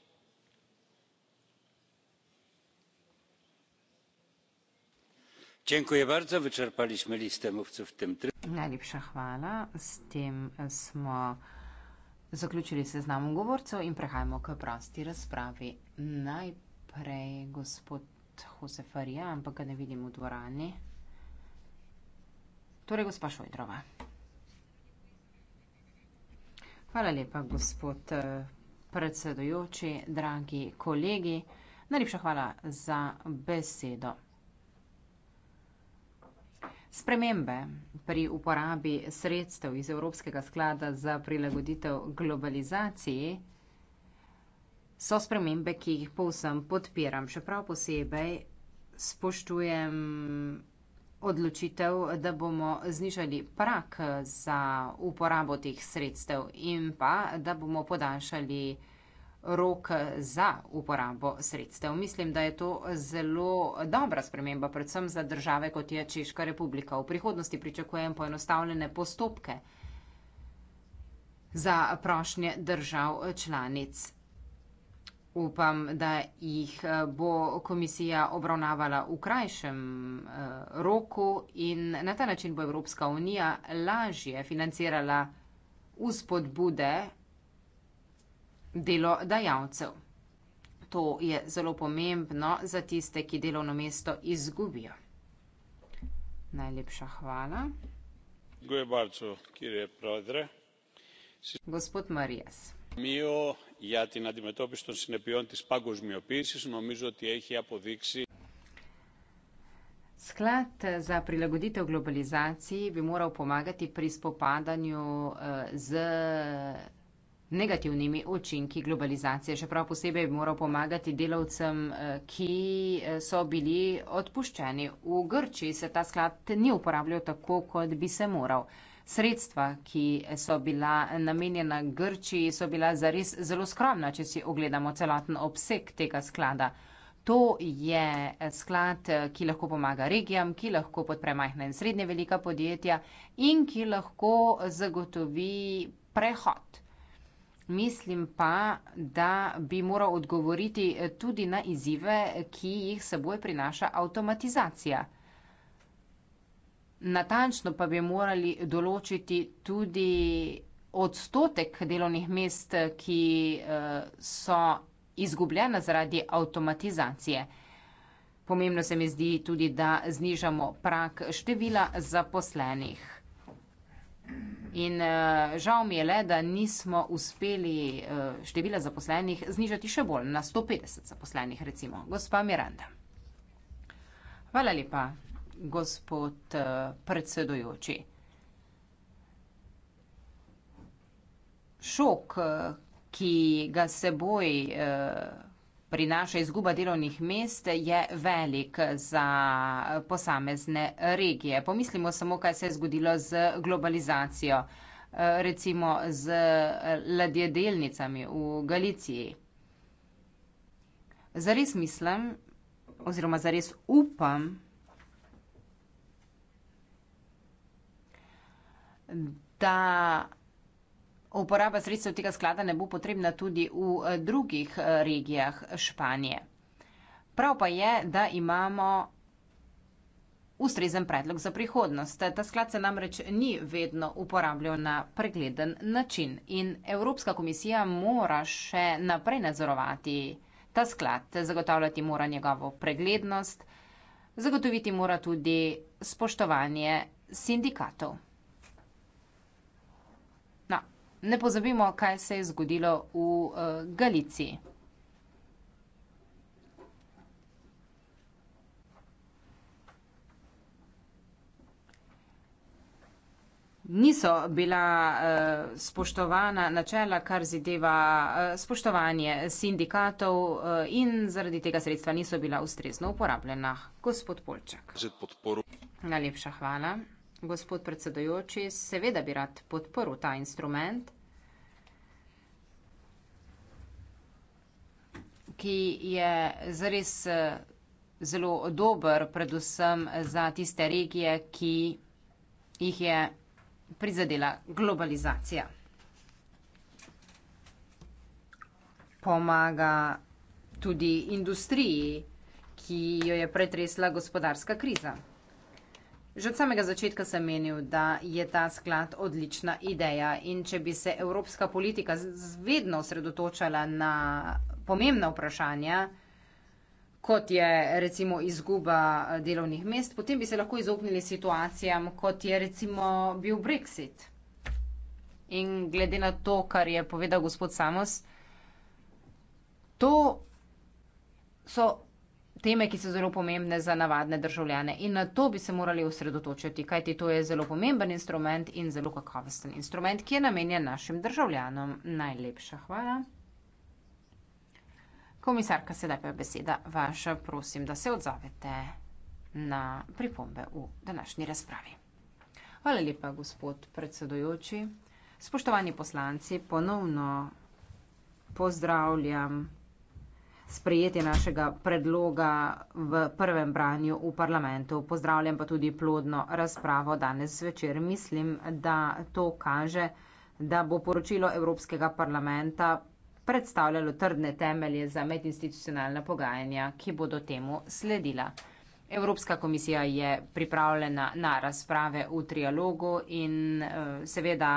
Najlepša hvala. S tem smo zaključili seznam govorcev in prehajamo k prosti razpravi. Najprej gospod Jose Faria, ampak ga ne vidim v dvorani. Torej gospa Šojdrova. Hvala lepa, gospod predsedujoči, dragi kolegi. Najlepša hvala za besedo. Spremembe pri uporabi sredstev iz Evropskega sklada za prilagoditev globalizaciji so spremembe, ki jih povsem podpiram. Še prav posebej spoštujem odločitev, da bomo znižali prak za uporabo teh sredstev in pa, da bomo podaljšali rok za uporabo sredstev. Mislim, da je to zelo dobra sprememba, predvsem za države, kot je Češka republika. V prihodnosti pričakujem poenostavljene postopke za prošnje držav članic. Upam, da jih bo komisija obravnavala v krajšem eh, roku in na ta način bo Evropska unija lažje financirala vzpodbude delodajalcev. To je zelo pomembno za tiste, ki delovno mesto izgubijo. Najlepša hvala. Gujebarcu, kjer je prodre. Gospod Marijas. Μείω για την αντιμετώπιση των συνεπειών της πάγκος μειοποίησης νομίζω ότι έχει αποδείξει Sklad za prilagoditev globalizaciji bi moral pomagati pri spopadanju eh, z negativnimi učinki globalizacije, še prav posebej moral pomagati delavcem, eh, ki eh, so bili odpuščeni. V Grčiji se ta sklad ni uporabljal tako, kot bi se moral. Sredstva, ki eh, so bila namenjena Grčiji, so bila zares zelo skromna, če si ogledamo celoten obseg tega sklada. To je sklad, ki lahko pomaga regijam, ki lahko podpre majhna in srednje velika podjetja in ki lahko zagotovi prehod. Mislim pa, da bi moral odgovoriti eh, tudi na izzive, ki jih seboj prinaša avtomatizacija. Natančno pa bi morali določiti tudi odstotek delovnih mest, ki eh, so izgubljena zaradi avtomatizacije. Pomembno se mi zdi tudi, da znižamo prak števila zaposlenih. In uh, žal mi je le, da nismo uspeli uh, števila zaposlenih znižati še bolj na 150 zaposlenih, recimo, gospa Miranda. Hvala lepa, gospod uh, predsedujoči. Šok, uh, ki ga seboj uh, prinaša izguba delovnih mest, je velik za posamezne regije. Pomislimo samo, kaj se je zgodilo z globalizacijo, recimo z ladjedelnicami v Galiciji. Zares mislim, oziroma zares upam, da. Uporaba sredstev tega sklada ne bo potrebna tudi v eh, drugih eh, regijah Španije. Prav pa je, da imamo ustrezen predlog za prihodnost. Ta sklad se namreč ni vedno uporabljal na pregleden način in Evropska komisija mora še naprej nadzorovati ta sklad, zagotavljati mora njegovo preglednost, zagotoviti mora tudi spoštovanje sindikatov. Ne pozabimo, kaj se je zgodilo v uh, Galiciji. Niso bila uh, spoštovana načela, kar zideva uh, eh, spoštovanje sindikatov uh, in zaradi tega sredstva niso bila ustrezno uporabljena. Gospod Polčak. Najlepša hvala. Gospod predsedojoči, seveda bi rad podporil ta instrument, ki je zares eh, zelo dober, predvsem za tiste regije, ki jih je prizadela globalizacija. Pomaga tudi industriji, ki jo je pretresla gospodarska kriza. Že od samega začetka sem menil, da je ta sklad odlična ideja in če bi se evropska politika vedno osredotočala na pomembna vprašanja, kot je recimo izguba eh, delovnih mest, potem bi se lahko izognili situacijam, kot je recimo bil Brexit. In glede na to, kar je povedal gospod Samos, to so teme, ki so zelo pomembne za navadne državljane in na to bi se morali osredotočiti, kajti to je zelo pomemben instrument in zelo kakovosten instrument, ki je namenjen našim državljanom. Najlepša hvala. Komisarka, sedaj pa je beseda vaša. Prosim, da se odzavete na pripombe v današnji razpravi. Hvala lepa, gospod predsedojoči. Spoštovani poslanci, ponovno pozdravljam sprejetje našega predloga v prvem branju v parlamentu. Pozdravljam pa tudi plodno razpravo danes večer. Mislim, da to kaže, da bo poročilo Evropskega parlamenta predstavljalo trdne temelje za medinstitucionalna pogajanja, ki bodo temu sledila. Evropska komisija je pripravljena na razprave v trialogu in eh, seveda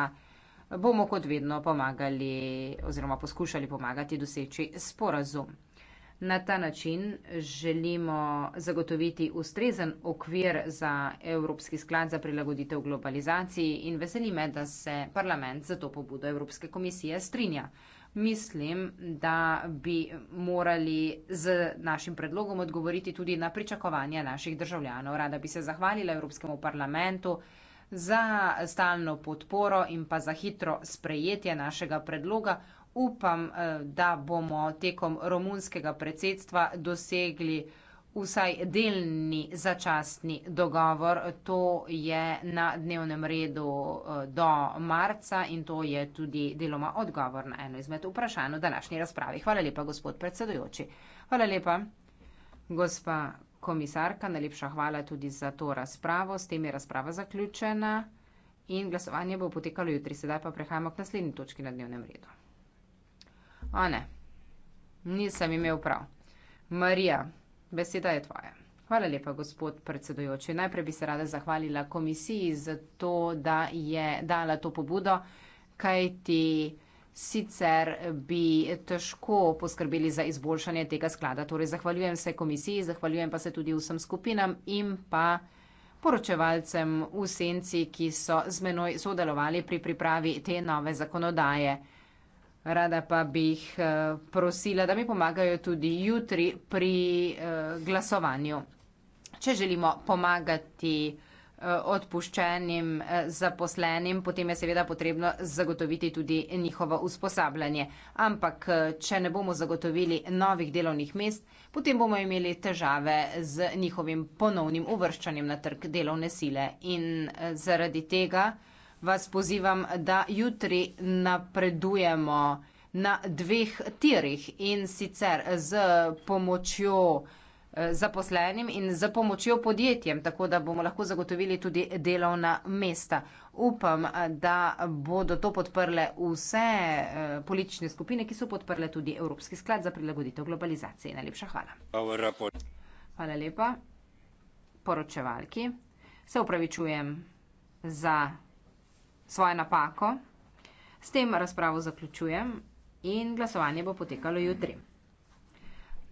bomo kot vedno pomagali oziroma poskušali pomagati doseči sporazum. Na ta način želimo zagotoviti ustrezen okvir za Evropski sklad za prilagoditev globalizaciji in veseli me, da se parlament za to pobudo Evropske komisije strinja. Mislim, da bi morali z našim predlogom odgovoriti tudi na pričakovanja naših državljanov. Rada bi se zahvalila Evropskemu parlamentu za stalno podporo in pa za hitro sprejetje našega predloga, upam, eh, da bomo tekom romunskega predsedstva dosegli vsaj delni začastni dogovor. To je na dnevnem redu eh, do marca in to je tudi deloma odgovor na eno izmed vprašanj v današnji razpravi. Hvala lepa, gospod predsedujoči. Hvala lepa, gospa komisarka. Najlepša hvala tudi za to razpravo. S tem je razprava zaključena. In glasovanje bo potekalo jutri, sedaj pa prehajamo k naslednji točki na dnevnem redu. A ne, nisem imel prav. Marija, beseda je tvoja. Hvala lepa, gospod predsedujoči. Najprej bi se rada zahvalila komisiji za to, da je dala to pobudo, kajti sicer bi težko poskrbeli za izboljšanje tega sklada. Torej, zahvaljujem se komisiji, zahvaljujem pa se tudi vsem skupinam in pa poročevalcem v senci, ki so z menoj sodelovali pri pripravi te nove zakonodaje. Rada pa bi jih eh, prosila, da mi pomagajo tudi jutri pri eh, glasovanju. Če želimo pomagati eh, odpuščenim zaposlenim, potem je seveda potrebno zagotoviti tudi njihovo usposabljanje. Ampak, če ne bomo zagotovili novih delovnih mest, potem bomo imeli težave z njihovim ponovnim uvrščanjem na trg delovne sile. In zaradi tega vas pozivam, da jutri napredujemo na dveh tirih in sicer z pomočjo eh, zaposlenim in za pomočjo podjetjem, tako da bomo lahko zagotovili tudi delovna mesta. Upam, da bodo to podprle vse eh, politične skupine, ki so podprle tudi Evropski sklad za prilagoditev globalizacije. Najlepša hvala. Hvala lepa poročevalki. Se upravičujem za svojo napako. S tem razpravo zaključujem in glasovanje bo potekalo jutri.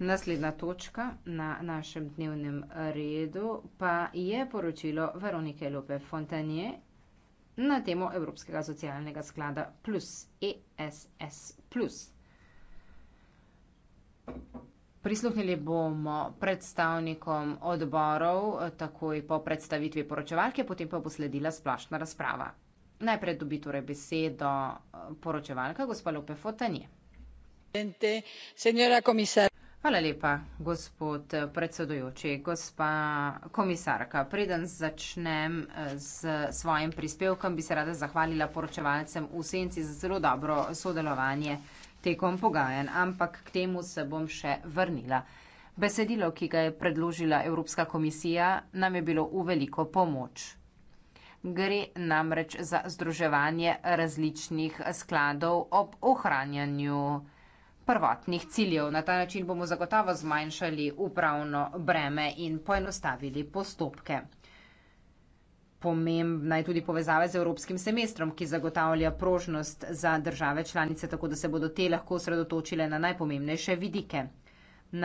Naslednja točka na našem dnevnem redu pa je poročilo Veronike Lope Fontanje na temo Evropskega socialnega sklada plus ESS. Prisluhnili bomo predstavnikom odborov takoj po predstavitvi poročevalke, potem pa bo sledila splošna razprava. Najprej dobi torej besedo eh, poročevalka, gospa Lope Fotanje. Hvala lepa, gospod eh, predsedujoči. Gospa komisarka, preden začnem eh, s svojim prispevkom, bi se rada zahvalila poročevalcem v senci za zelo dobro sodelovanje tekom pogajanj, ampak k temu se bom še vrnila. Besedilo, ki ga je predložila Evropska komisija, nam je bilo v veliko pomoč. Gre namreč za združevanje različnih skladov ob ohranjanju prvotnih ciljev. Na ta način bomo zagotovo zmanjšali upravno breme in poenostavili postopke. Pomembna je tudi povezava z evropskim semestrom, ki zagotavlja prožnost za države članice, tako da se bodo te lahko osredotočile na najpomembnejše vidike.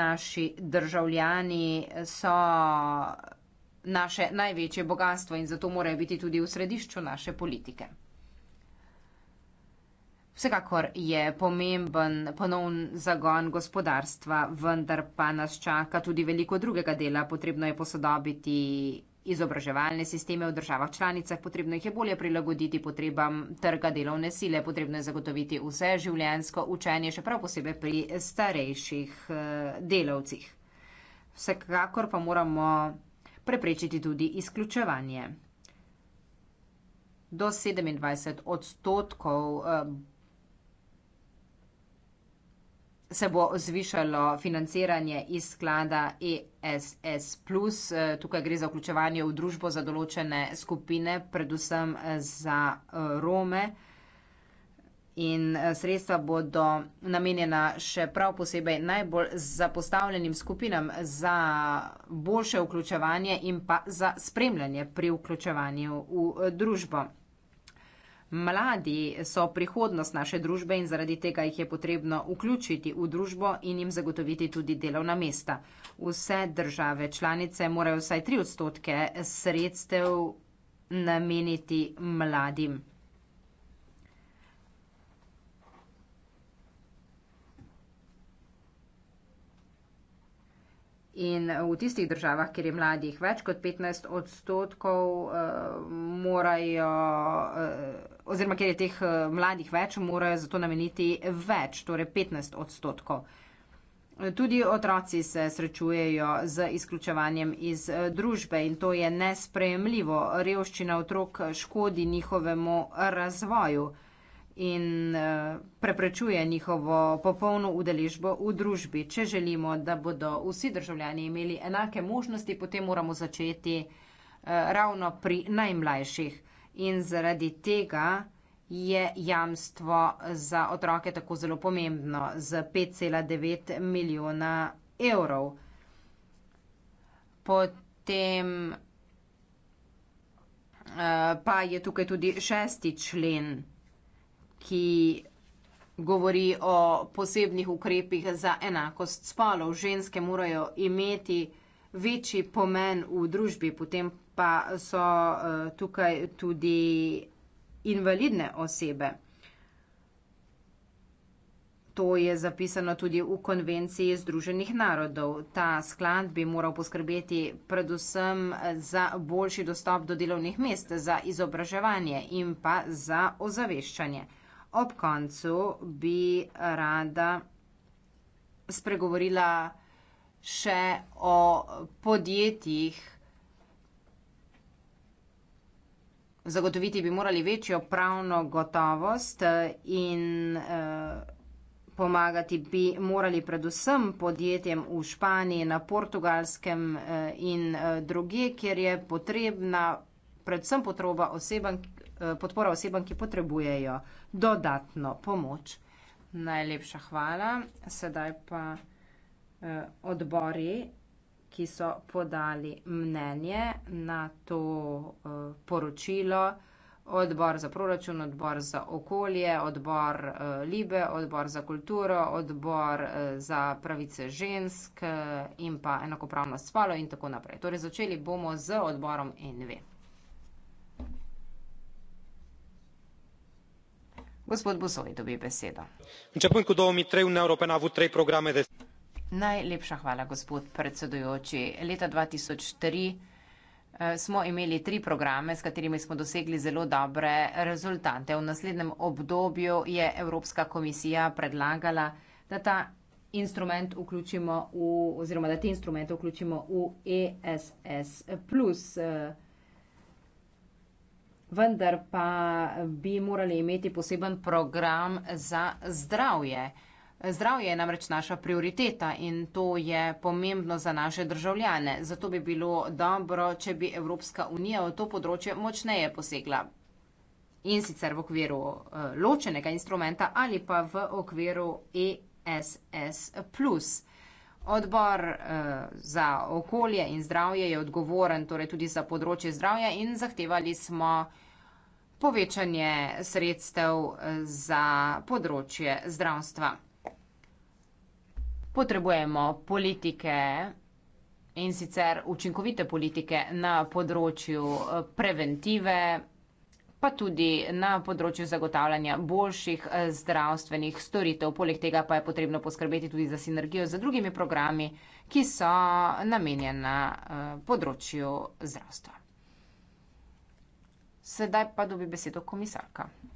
Naši državljani so naše največje bogatstvo in zato morajo biti tudi v središču naše politike. Vsekakor je pomemben ponovn zagon gospodarstva, vendar pa nas čaka tudi veliko drugega dela. Potrebno je posodobiti izobraževalne sisteme v državah članicah, potrebno jih je bolje prilagoditi potrebam trga delovne sile, potrebno je zagotoviti vse življensko učenje, še prav posebej pri starejših eh, delavcih. Vsekakor pa moramo preprečiti tudi izključevanje. Do 27 odstotkov eh, se bo zvišalo financiranje iz sklada ESS. Eh, tukaj gre za vključevanje v družbo za določene skupine, predvsem eh, za Rome in eh, sredstva bodo namenjena še prav posebej najbolj zapostavljenim skupinam za boljše vključevanje in pa za spremljanje pri vključevanju v eh, družbo. Mladi so prihodnost naše družbe in zaradi tega jih je potrebno vključiti v družbo in jim zagotoviti tudi delovna mesta. Vse države članice morajo vsaj tri odstotke sredstev nameniti mladim. In v tistih državah, kjer je mladih več kot 15 odstotkov, eh, morajo, eh, oziroma kjer je teh eh, mladih več, morajo za to nameniti več, torej 15 odstotkov. Tudi otroci se srečujejo z izključevanjem iz družbe in to je nesprejemljivo. Revščina otrok škodi njihovemu razvoju in eh, preprečuje njihovo popolno udeležbo v družbi. Če želimo, da bodo vsi državljani imeli enake možnosti, potem moramo začeti eh, ravno pri najmlajših. In zaradi tega je jamstvo za otroke tako zelo pomembno z 5,9 milijona evrov. Potem eh, pa je tukaj tudi šesti člen ki govori o posebnih ukrepih za enakost spolov. Ženske morajo imeti večji pomen v družbi, potem pa so eh, tukaj tudi invalidne osebe. To je zapisano tudi v konvenciji Združenih narodov. Ta sklad bi moral poskrbeti predvsem za boljši dostop do delovnih mest, za izobraževanje in pa za ozaveščanje ob koncu bi rada spregovorila še o podjetjih. Zagotoviti bi morali večjo pravno gotovost in eh, pomagati bi morali predvsem podjetjem v Španiji, na Portugalskem eh, in eh, druge, kjer je potrebna predvsem potroba osebam, Eh, podpora osebam, ki potrebujejo dodatno pomoč. Najlepša hvala. Sedaj pa eh, odbori, ki so podali mnenje na to eh, poročilo. Odbor za proračun, odbor za okolje, odbor eh, Libe, odbor za kulturo, odbor eh, za pravice žensk eh, in pa enakopravnost spolo in tako naprej. Torej začeli bomo z odborom NV. Gospod Bosoj dobi besedo. Najlepša hvala, gospod predsedujoči. Leta 2003 eh, smo imeli tri programe, s katerimi smo dosegli zelo dobre rezultate. V naslednjem obdobju je Evropska komisija predlagala, da ta instrument vključimo v, oziroma da te instrumente vključimo v ESS+ vendar pa bi morali imeti poseben program za zdravje. Zdravje je namreč naša prioriteta in to je pomembno za naše državljane. Zato bi bilo dobro, če bi Evropska unija v to področje močneje posegla. In sicer v okviru eh, ločenega instrumenta ali pa v okviru ESS. Odbor eh, za okolje in zdravje je odgovoren torej tudi za področje zdravja in zahtevali smo povečanje sredstev eh, za področje zdravstva. Potrebujemo politike in sicer učinkovite politike na področju eh, preventive pa tudi na področju zagotavljanja boljših eh, zdravstvenih storitev. Poleg tega pa je potrebno poskrbeti tudi za sinergijo z drugimi programi, ki so namenjena eh, področju zdravstva. Sedaj pa dobi besedo komisarka.